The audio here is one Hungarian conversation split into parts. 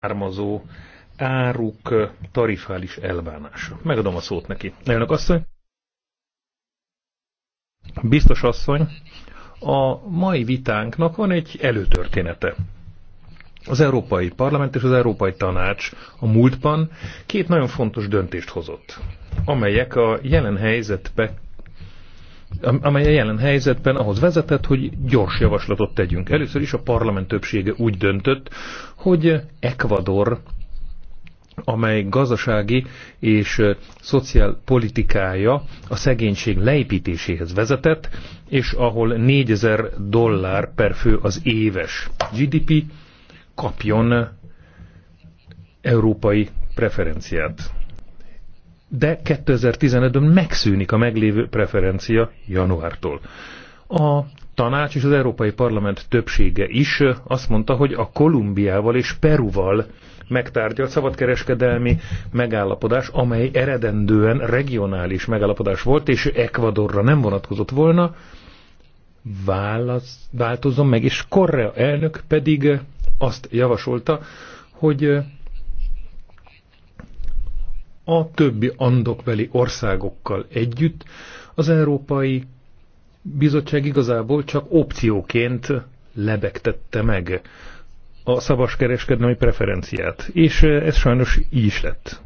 származó áruk tarifális elbánása. Megadom a szót neki. Elnök asszony. Biztos asszony, a mai vitánknak van egy előtörténete. Az Európai Parlament és az Európai Tanács a múltban két nagyon fontos döntést hozott, amelyek a jelen helyzetbe amely a jelen helyzetben ahhoz vezetett, hogy gyors javaslatot tegyünk. Először is a parlament többsége úgy döntött, hogy Ekvador, amely gazdasági és szociálpolitikája a szegénység leépítéséhez vezetett, és ahol 4000 dollár per fő az éves GDP kapjon európai preferenciát de 2015-ben megszűnik a meglévő preferencia januártól. A tanács és az Európai Parlament többsége is azt mondta, hogy a Kolumbiával és Peruval megtárgyalt szabadkereskedelmi megállapodás, amely eredendően regionális megállapodás volt, és Ekvadorra nem vonatkozott volna, válasz, változom meg, és Korea elnök pedig azt javasolta, hogy a többi andokbeli országokkal együtt az Európai Bizottság igazából csak opcióként lebegtette meg a kereskedelmi preferenciát, és ez sajnos így is lett.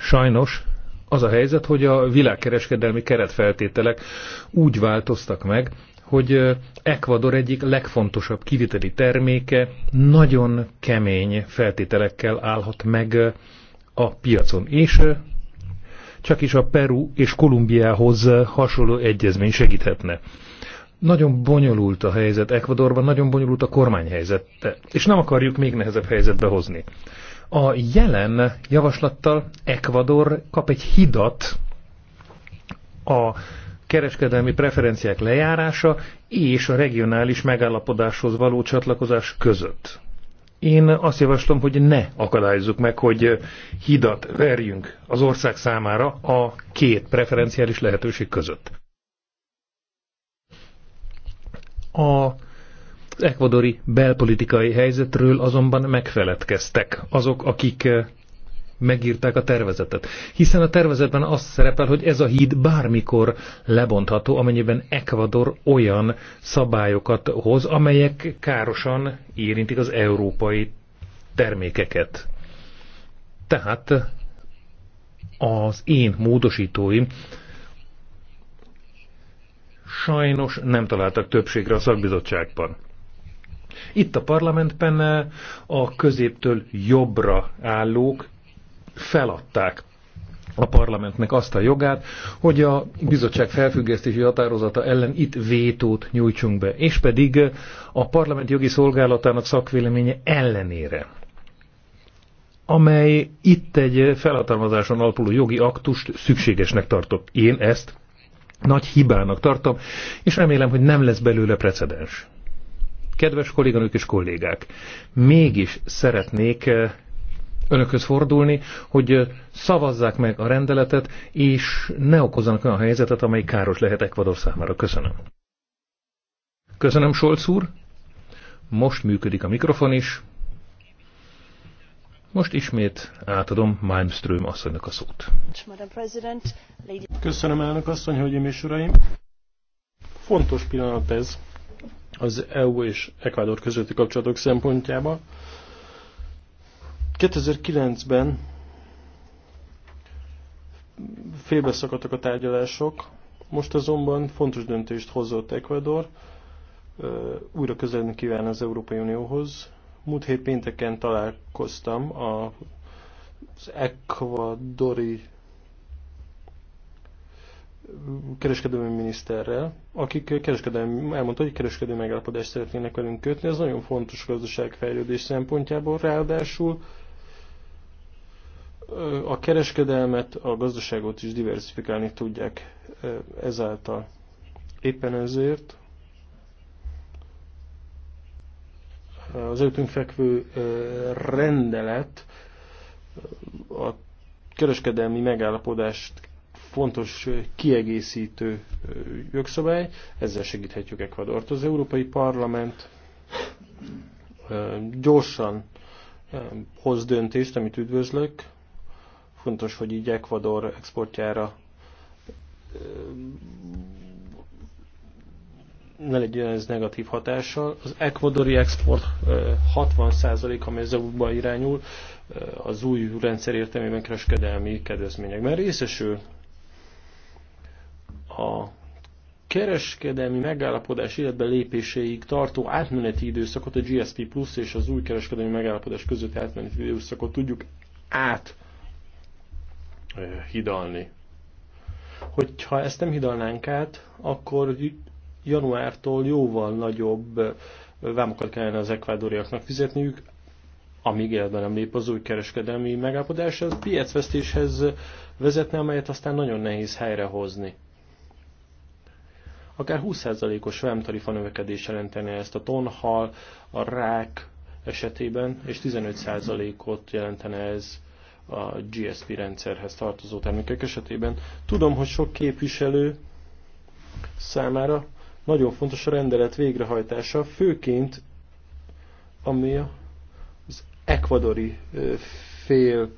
Sajnos az a helyzet, hogy a világkereskedelmi keretfeltételek úgy változtak meg, hogy Ecuador egyik legfontosabb kiviteli terméke nagyon kemény feltételekkel állhat meg a piacon, és csak is a Peru és Kolumbiához hasonló egyezmény segíthetne. Nagyon bonyolult a helyzet Ecuadorban, nagyon bonyolult a kormányhelyzet, és nem akarjuk még nehezebb helyzetbe hozni. A jelen javaslattal Ecuador kap egy hidat a kereskedelmi preferenciák lejárása és a regionális megállapodáshoz való csatlakozás között. Én azt javaslom, hogy ne akadályozzuk meg, hogy eh, hidat verjünk az ország számára a két preferenciális lehetőség között. A az ekvadori belpolitikai helyzetről azonban megfeledkeztek azok, akik eh, megírták a tervezetet. Hiszen a tervezetben az szerepel, hogy ez a híd bármikor lebontható, amennyiben Ecuador olyan szabályokat hoz, amelyek károsan érintik az európai termékeket. Tehát az én módosítóim sajnos nem találtak többségre a szakbizottságban. Itt a parlamentben a középtől jobbra állók feladták a parlamentnek azt a jogát, hogy a bizottság felfüggesztési határozata ellen itt vétót nyújtsunk be, és pedig a parlament jogi szolgálatának szakvéleménye ellenére amely itt egy felhatalmazáson alapuló jogi aktust szükségesnek tartok Én ezt nagy hibának tartom, és remélem, hogy nem lesz belőle precedens. Kedves kolléganők és kollégák, mégis szeretnék eh, önökhöz fordulni, hogy szavazzák meg a rendeletet, és ne okozzanak olyan helyzetet, amely káros lehet Ecuador számára. Köszönöm. Köszönöm, Solc úr. Most működik a mikrofon is. Most ismét átadom Malmström asszonynak a szót. Köszönöm elnök asszony, hölgyeim és uraim. Fontos pillanat ez az EU és Ecuador közötti kapcsolatok szempontjából. 2009-ben félbeszakadtak a tárgyalások, most azonban fontos döntést hozott Ecuador, újra közelni kíván az Európai Unióhoz. Múlt hét pénteken találkoztam az ekvadori kereskedelmi miniszterrel, akik kereskedelmi, elmondta, hogy kereskedelmi megállapodást szeretnének velünk kötni, ez nagyon fontos gazdaságfejlődés szempontjából, ráadásul a kereskedelmet, a gazdaságot is diversifikálni tudják ezáltal. Éppen ezért az előttünk fekvő rendelet a kereskedelmi megállapodást fontos kiegészítő jogszabály, ezzel segíthetjük Ekvadort. Az Európai Parlament gyorsan hoz döntést, amit üdvözlök, Fontos, hogy így Ecuador exportjára ne legyen ez negatív hatással. Az ekvadori export 60%-a, amely az EU-ba irányul, az új rendszer értelmében kereskedelmi kedvezményekben részesül. A kereskedelmi megállapodás életbe lépéséig tartó átmeneti időszakot, a GSP Plus és az új kereskedelmi megállapodás közötti átmeneti időszakot tudjuk át hidalni. Hogyha ezt nem hidalnánk át, akkor januártól jóval nagyobb vámokat kellene az ekvádoriaknak fizetniük, amíg életben nem lép az új kereskedelmi megállapodás, az piacvesztéshez vezetne, amelyet aztán nagyon nehéz helyrehozni. Akár 20%-os vámtarifa növekedés jelentene ezt a tonhal, a rák esetében, és 15%-ot jelentene ez a GSP rendszerhez tartozó termékek esetében. Tudom, hogy sok képviselő számára nagyon fontos a rendelet végrehajtása, főként ami az ekvadori fél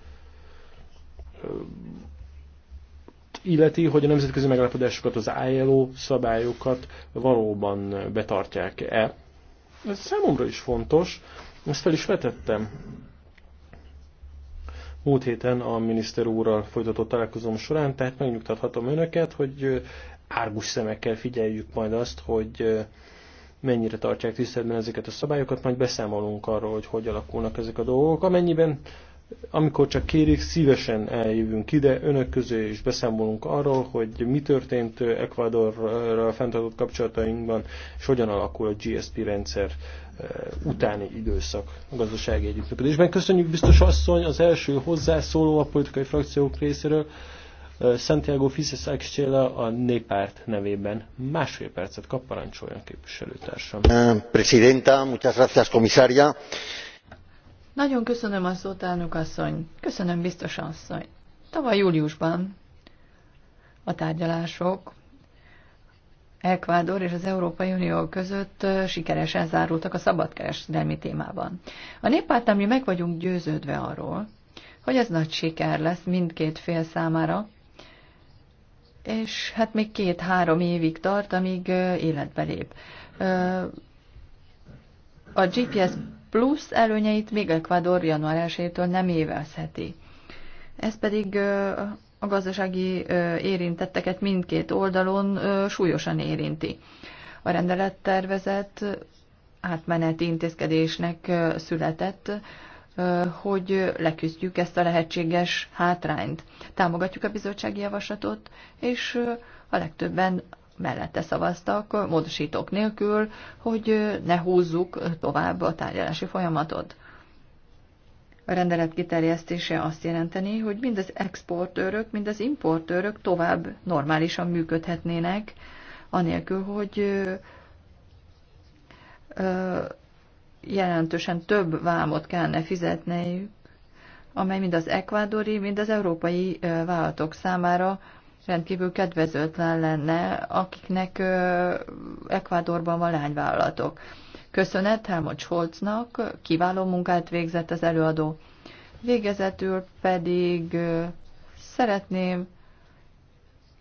illeti, hogy a nemzetközi megállapodásokat, az ILO szabályokat valóban betartják-e. Ez számomra is fontos, ezt fel is vetettem múlt héten a miniszter úrral folytatott találkozom során, tehát megnyugtathatom önöket, hogy árgus szemekkel figyeljük majd azt, hogy mennyire tartják tiszteletben ezeket a szabályokat, majd beszámolunk arról, hogy hogy alakulnak ezek a dolgok. Amennyiben amikor csak kérik, szívesen eljövünk ide önök közé, és beszámolunk arról, hogy mi történt Ecuadorral fenntartott kapcsolatainkban, és hogyan alakul a GSP rendszer eh, utáni időszak gazdasági együttműködésben. Köszönjük biztos asszony az első hozzászóló a politikai frakciók részéről, eh, Santiago Fises Axchela a néppárt nevében másfél percet kap, parancsoljon képviselőtársam. Eh, presidenta, muchas gracias, comisaria. Nagyon köszönöm a szót, elnök asszony. Köszönöm, biztos asszony. Tavaly júliusban a tárgyalások Ekvádor és az Európai Unió között sikeresen zárultak a szabadkereskedelmi témában. A néppárt, mi meg vagyunk győződve arról, hogy ez nagy siker lesz mindkét fél számára, és hát még két-három évig tart, amíg életbe lép. A GPS plusz előnyeit még Ecuador január 1-től nem évezheti. Ez pedig a gazdasági érintetteket mindkét oldalon súlyosan érinti. A rendelettervezet átmeneti intézkedésnek született, hogy leküzdjük ezt a lehetséges hátrányt. Támogatjuk a bizottsági javaslatot, és a legtöbben mellette szavaztak, módosítók nélkül, hogy ne húzzuk tovább a tárgyalási folyamatot. A rendelet kiterjesztése azt jelenteni, hogy mind az exportőrök, mind az importőrök tovább normálisan működhetnének, anélkül, hogy jelentősen több vámot kellene fizetniük, amely mind az ekvádori, mind az európai vállalatok számára rendkívül kedvezőtlen lenne, akiknek Ekvádorban van lányvállalatok. Köszönet Helmut Scholznak, kiváló munkát végzett az előadó. Végezetül pedig szeretném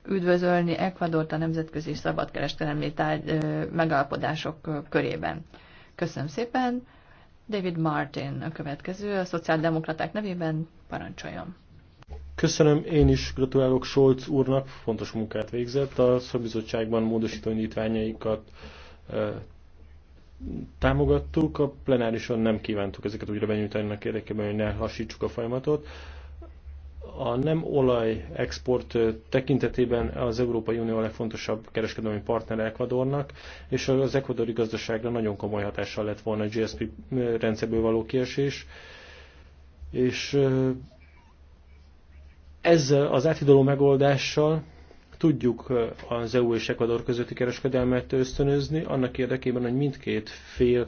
üdvözölni Ekvadort a nemzetközi szabadkereskedelmi megállapodások körében. Köszönöm szépen. David Martin a következő, a szociáldemokraták nevében parancsoljon. Köszönöm, én is gratulálok Solc úrnak, fontos munkát végzett. A szabizottságban módosító indítványaikat támogattuk, a plenárison nem kívántuk ezeket újra benyújtani a érdekében, hogy ne lassítsuk a folyamatot. A nem olaj export tekintetében az Európai Unió a legfontosabb kereskedelmi partner Ecuadornak, és az ekvadori gazdaságra nagyon komoly hatással lett volna a GSP rendszerből való kiesés, és ezzel az áthidaló megoldással tudjuk az EU és Ecuador közötti kereskedelmet ösztönözni, annak érdekében, hogy mindkét fél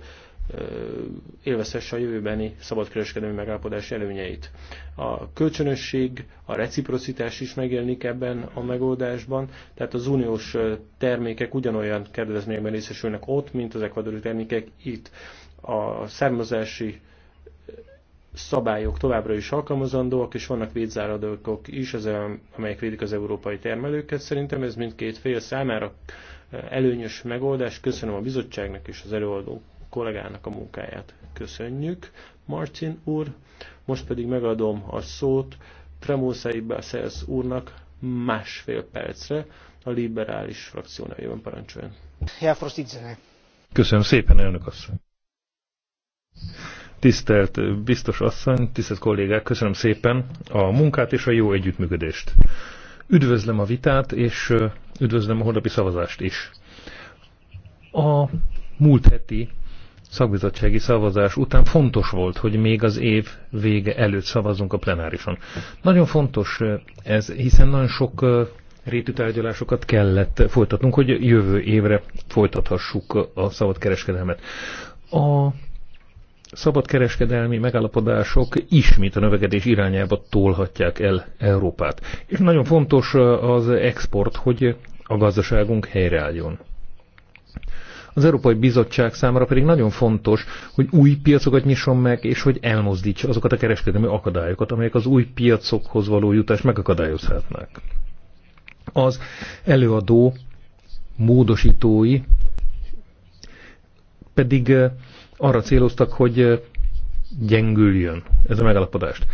élvezhesse a jövőbeni szabadkereskedelmi megállapodás előnyeit. A kölcsönösség, a reciprocitás is megjelenik ebben a megoldásban, tehát az uniós termékek ugyanolyan kedvezményekben részesülnek ott, mint az ekvadori termékek itt. A származási szabályok továbbra is alkalmazandóak, és vannak védzáradókok is, az, amelyek védik az európai termelőket. Szerintem ez mindkét fél számára eh, előnyös megoldás. Köszönöm a bizottságnak és az előadó kollégának a munkáját. Köszönjük, Martin úr. Most pedig megadom a szót Tremószai Beszélsz úrnak másfél percre a liberális frakció nevében parancsoljon. Köszönöm szépen, elnök asszony. Tisztelt biztos asszony, tisztelt kollégák, köszönöm szépen a munkát és a jó együttműködést. Üdvözlöm a vitát, és üdvözlöm a holnapi szavazást is. A múlt heti szakbizottsági szavazás után fontos volt, hogy még az év vége előtt szavazzunk a plenárison. Nagyon fontos ez, hiszen nagyon sok rétű tárgyalásokat kellett folytatnunk, hogy jövő évre folytathassuk a szabadkereskedelmet. A szabadkereskedelmi megállapodások ismét a növekedés irányába tolhatják el Európát. És nagyon fontos az export, hogy a gazdaságunk helyreálljon. Az Európai Bizottság számára pedig nagyon fontos, hogy új piacokat nyisson meg, és hogy elmozdítsa azokat a kereskedelmi akadályokat, amelyek az új piacokhoz való jutást megakadályozhatnak. Az előadó módosítói pedig arra céloztak, hogy gyengüljön ez a megállapodást.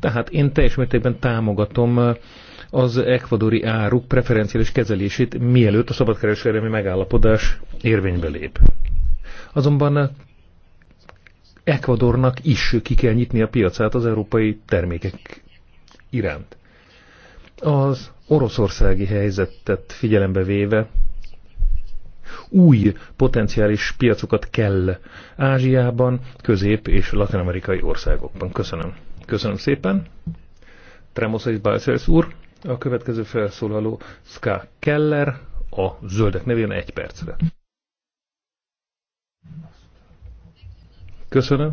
Tehát én teljes mértékben támogatom az ekvadori áruk preferenciális kezelését, mielőtt a szabadkereskedelmi megállapodás érvénybe lép. Azonban Ekvadornak is ki kell nyitni a piacát az európai termékek iránt. Az oroszországi helyzetet figyelembe véve új potenciális piacokat kell Ázsiában, Közép- és Latin-amerikai országokban. Köszönöm. Köszönöm szépen. Tremoszai Balszersz úr, a következő felszólaló Ska Keller, a zöldek nevén egy percre. Köszönöm.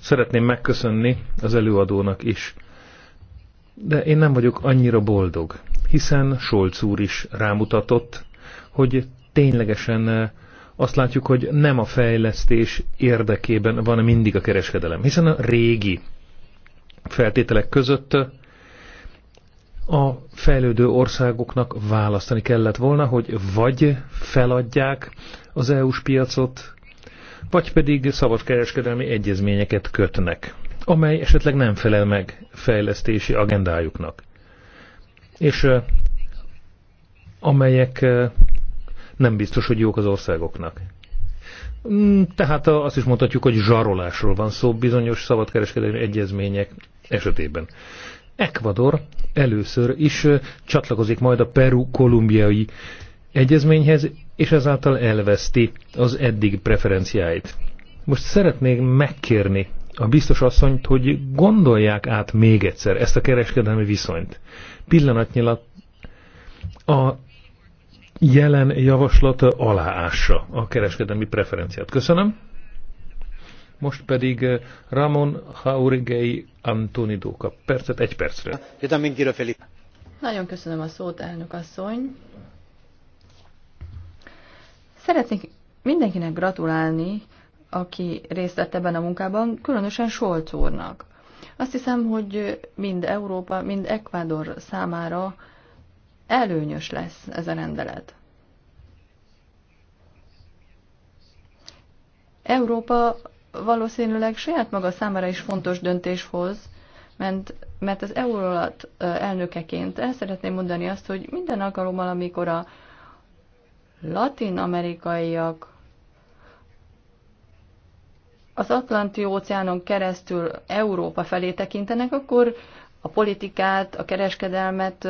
Szeretném megköszönni az előadónak is. De én nem vagyok annyira boldog, hiszen Solc úr is rámutatott hogy ténylegesen eh, azt látjuk, hogy nem a fejlesztés érdekében van mindig a kereskedelem, hiszen a régi feltételek között eh, a fejlődő országoknak választani kellett volna, hogy vagy feladják az EU-s piacot, vagy pedig kereskedelmi egyezményeket kötnek, amely esetleg nem felel meg fejlesztési agendájuknak. És eh, amelyek nem biztos, hogy jók az országoknak. Mm, tehát azt is mondhatjuk, hogy zsarolásról van szó bizonyos szabadkereskedelmi egyezmények esetében. Ecuador először is csatlakozik majd a Peru-kolumbiai egyezményhez, és ezáltal elveszti az eddig preferenciáit. Most szeretnék megkérni a biztos asszonyt, hogy gondolják át még egyszer ezt a kereskedelmi viszonyt. Pillanatnyilag a jelen javaslata aláássa a kereskedelmi preferenciát. Köszönöm. Most pedig eh, Ramon Haurigei Antonidóka. percet, egy percre. Nagyon köszönöm a szót, elnök asszony. Szeretnék mindenkinek gratulálni, aki részt vett ebben a munkában, különösen Solc úrnak. Azt hiszem, hogy mind Európa, mind Ekvádor számára előnyös lesz ez a rendelet. Európa valószínűleg saját maga számára is fontos döntés hoz, mert, mert az Eurolat elnökeként el szeretném mondani azt, hogy minden alkalommal, amikor a latin-amerikaiak az Atlanti óceánon keresztül Európa felé tekintenek, akkor a politikát, a kereskedelmet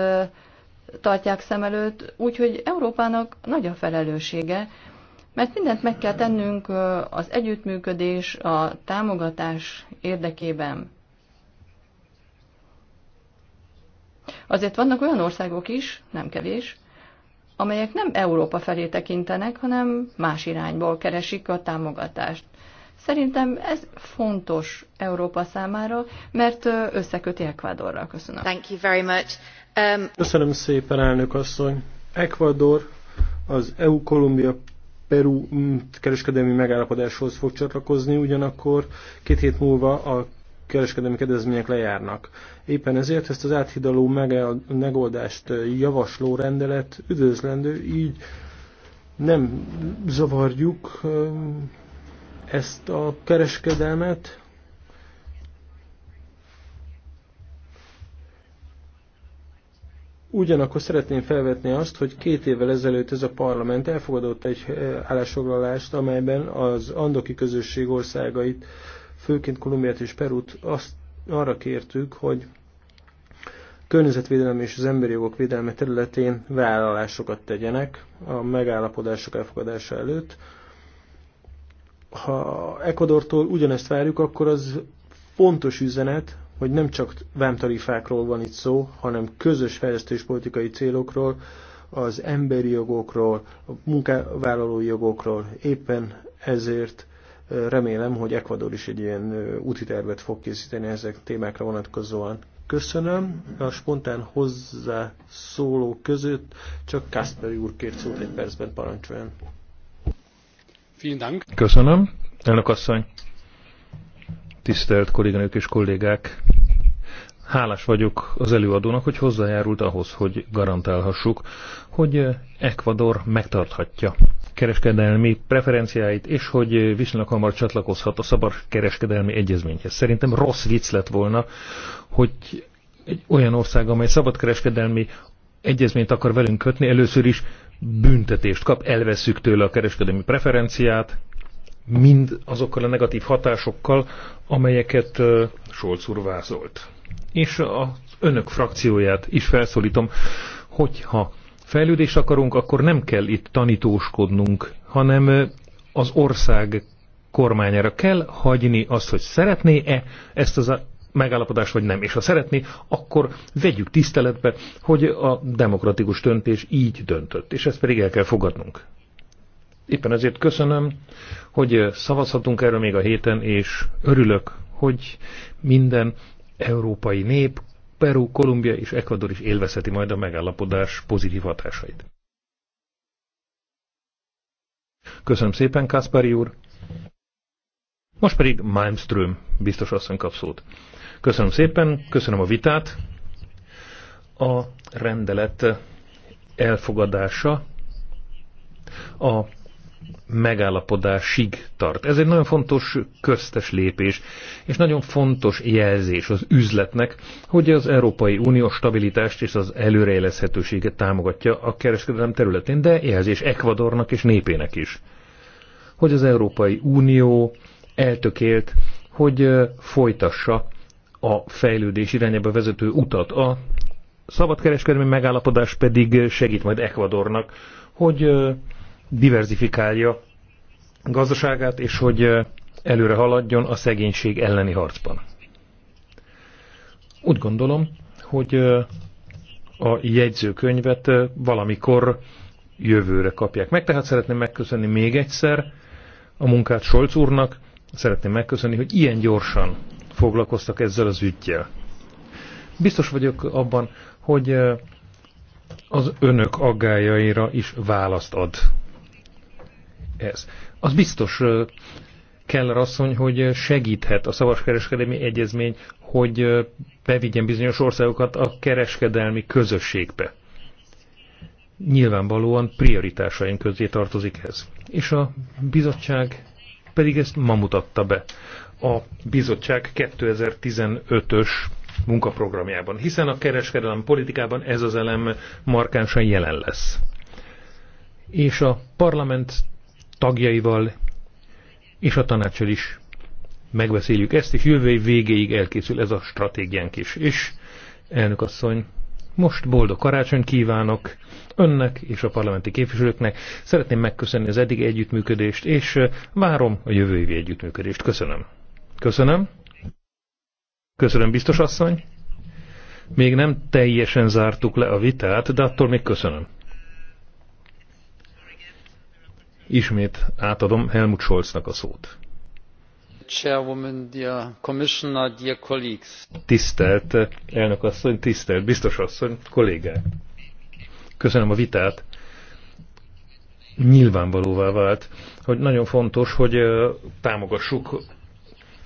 tartják szem előtt, úgyhogy Európának nagy a felelőssége, mert mindent meg kell tennünk az együttműködés, a támogatás érdekében. Azért vannak olyan országok is, nem kevés, amelyek nem Európa felé tekintenek, hanem más irányból keresik a támogatást. Szerintem ez fontos Európa számára, mert összeköti Ekvádorral. Köszönöm. Thank you very much. Um, Köszönöm szépen, elnök asszony. Ecuador az EU-Kolumbia Peru mm, kereskedelmi megállapodáshoz fog csatlakozni, ugyanakkor két hét múlva a kereskedelmi kedvezmények lejárnak. Éppen ezért ezt az áthidaló megoldást javasló rendelet üdvözlendő, így nem zavarjuk um, ezt a kereskedelmet, Ugyanakkor szeretném felvetni azt, hogy két évvel ezelőtt ez a parlament elfogadott egy eh, állásfoglalást, amelyben az andoki közösség országait, főként Kolumbiát és Perut azt arra kértük, hogy környezetvédelem és az emberi jogok védelme területén vállalásokat tegyenek a megállapodások elfogadása előtt. Ha Ecuadortól ugyanezt várjuk, akkor az fontos üzenet, hogy nem csak vámtarifákról van itt szó, hanem közös fejlesztéspolitikai célokról, az emberi jogokról, a munkavállalói jogokról. Éppen ezért remélem, hogy Ecuador is egy ilyen úti tervet fog készíteni ezek témákra vonatkozóan. Köszönöm. A spontán hozzászóló között csak Kasper úr kért szót egy percben parancsoljon. Köszönöm, elnök asszony. Tisztelt kolléganők és kollégák! Hálás vagyok az előadónak, hogy hozzájárult ahhoz, hogy garantálhassuk, hogy Ecuador megtarthatja kereskedelmi preferenciáit, és hogy viszonylag hamar csatlakozhat a szabad kereskedelmi egyezményhez. Szerintem rossz vicc lett volna, hogy egy olyan ország, amely szabad kereskedelmi egyezményt akar velünk kötni, először is büntetést kap, elveszük tőle a kereskedelmi preferenciát, mind azokkal a negatív hatásokkal, amelyeket Solc úr vázolt. És az önök frakcióját is felszólítom, hogyha fejlődést akarunk, akkor nem kell itt tanítóskodnunk, hanem az ország kormányára kell hagyni azt, hogy szeretné-e ezt az megállapodás vagy nem. És ha szeretné, akkor vegyük tiszteletbe, hogy a demokratikus döntés így döntött, és ezt pedig el kell fogadnunk. Éppen ezért köszönöm, hogy szavazhatunk erről még a héten, és örülök, hogy minden európai nép, Peru, Kolumbia és Ecuador is élvezheti majd a megállapodás pozitív hatásait. Köszönöm szépen, Kaspari úr! Most pedig Malmström biztos asszony kap szót. Köszönöm szépen, köszönöm a vitát. A rendelet elfogadása a megállapodásig tart. Ez egy nagyon fontos köztes lépés, és nagyon fontos jelzés az üzletnek, hogy az Európai Unió stabilitást és az előrejelezhetőséget támogatja a kereskedelem területén, de jelzés Ekvadornak és népének is. Hogy az Európai Unió eltökélt, hogy folytassa a fejlődés irányába vezető utat. A szabadkereskedelmi megállapodás pedig segít majd Ekvadornak, hogy diverzifikálja gazdaságát, és hogy előre haladjon a szegénység elleni harcban. Úgy gondolom, hogy a jegyzőkönyvet valamikor jövőre kapják meg, tehát szeretném megköszönni még egyszer a munkát Solc úrnak, szeretném megköszönni, hogy ilyen gyorsan foglalkoztak ezzel az ügyjel. Biztos vagyok abban, hogy az önök aggájaira is választ ad ez. Az biztos kell asszony, hogy segíthet a szavaskereskedelmi egyezmény, hogy bevigyen bizonyos országokat a kereskedelmi közösségbe. Nyilvánvalóan prioritásaink közé tartozik ez. És a bizottság pedig ezt ma mutatta be a bizottság 2015-ös munkaprogramjában, hiszen a kereskedelem politikában ez az elem markánsan jelen lesz. És a parlament tagjaival és a tanácsal is megbeszéljük ezt, és jövő év végéig elkészül ez a stratégiánk is. És elnök asszony, most boldog karácsony kívánok önnek és a parlamenti képviselőknek. Szeretném megköszönni az eddigi együttműködést, és várom a jövő évi együttműködést. Köszönöm. Köszönöm. Köszönöm, biztos asszony. Még nem teljesen zártuk le a vitát, de attól még köszönöm. Ismét átadom Helmut Scholznak a szót. Tisztelt elnök asszony, tisztelt biztos asszony, kollégák. Köszönöm a vitát. Nyilvánvalóvá vált, hogy nagyon fontos, hogy támogassuk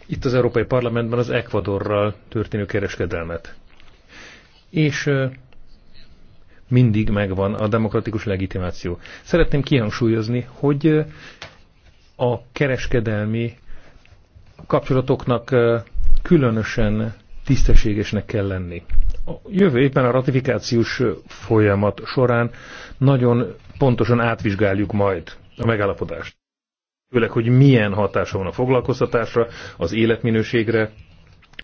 itt az Európai Parlamentben az Ecuadorral történő kereskedelmet. És mindig megvan a demokratikus legitimáció. Szeretném kihangsúlyozni, hogy a kereskedelmi kapcsolatoknak különösen tisztességesnek kell lenni. A jövő éppen a ratifikációs folyamat során nagyon pontosan átvizsgáljuk majd a megállapodást. Főleg, hogy milyen hatása van a foglalkoztatásra, az életminőségre,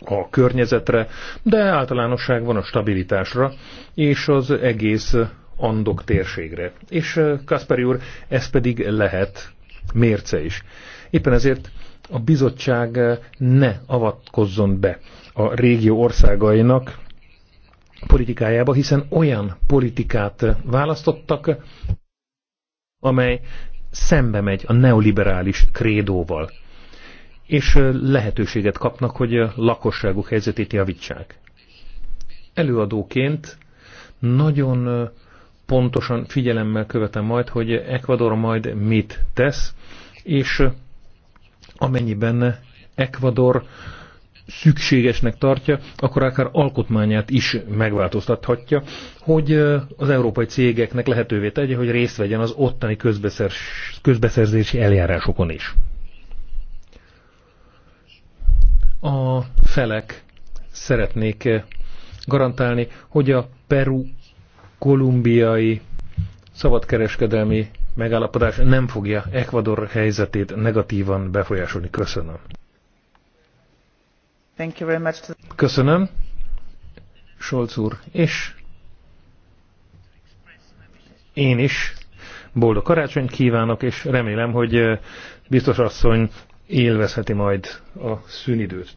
a környezetre, de általánosságban a stabilitásra és az egész Andok térségre. És eh, Kasperi úr, ez pedig lehet mérce is. Éppen ezért a bizottság eh, ne avatkozzon be a régió országainak politikájába, hiszen olyan politikát eh, választottak, amely szembe megy a neoliberális krédóval és lehetőséget kapnak, hogy a lakosságuk helyzetét javítsák. Előadóként nagyon pontosan figyelemmel követem majd, hogy Ecuador majd mit tesz, és amennyiben Ecuador szükségesnek tartja, akkor akár alkotmányát is megváltoztathatja, hogy az európai cégeknek lehetővé tegye, hogy részt vegyen az ottani közbeszerzési eljárásokon is. a felek szeretnék eh, garantálni, hogy a Peru-kolumbiai szabadkereskedelmi megállapodás nem fogja Ecuador helyzetét negatívan befolyásolni. Köszönöm. Thank you very much. Köszönöm, Solc úr, és én is boldog karácsonyt kívánok, és remélem, hogy eh, biztos asszony élvezheti majd a szünidőt.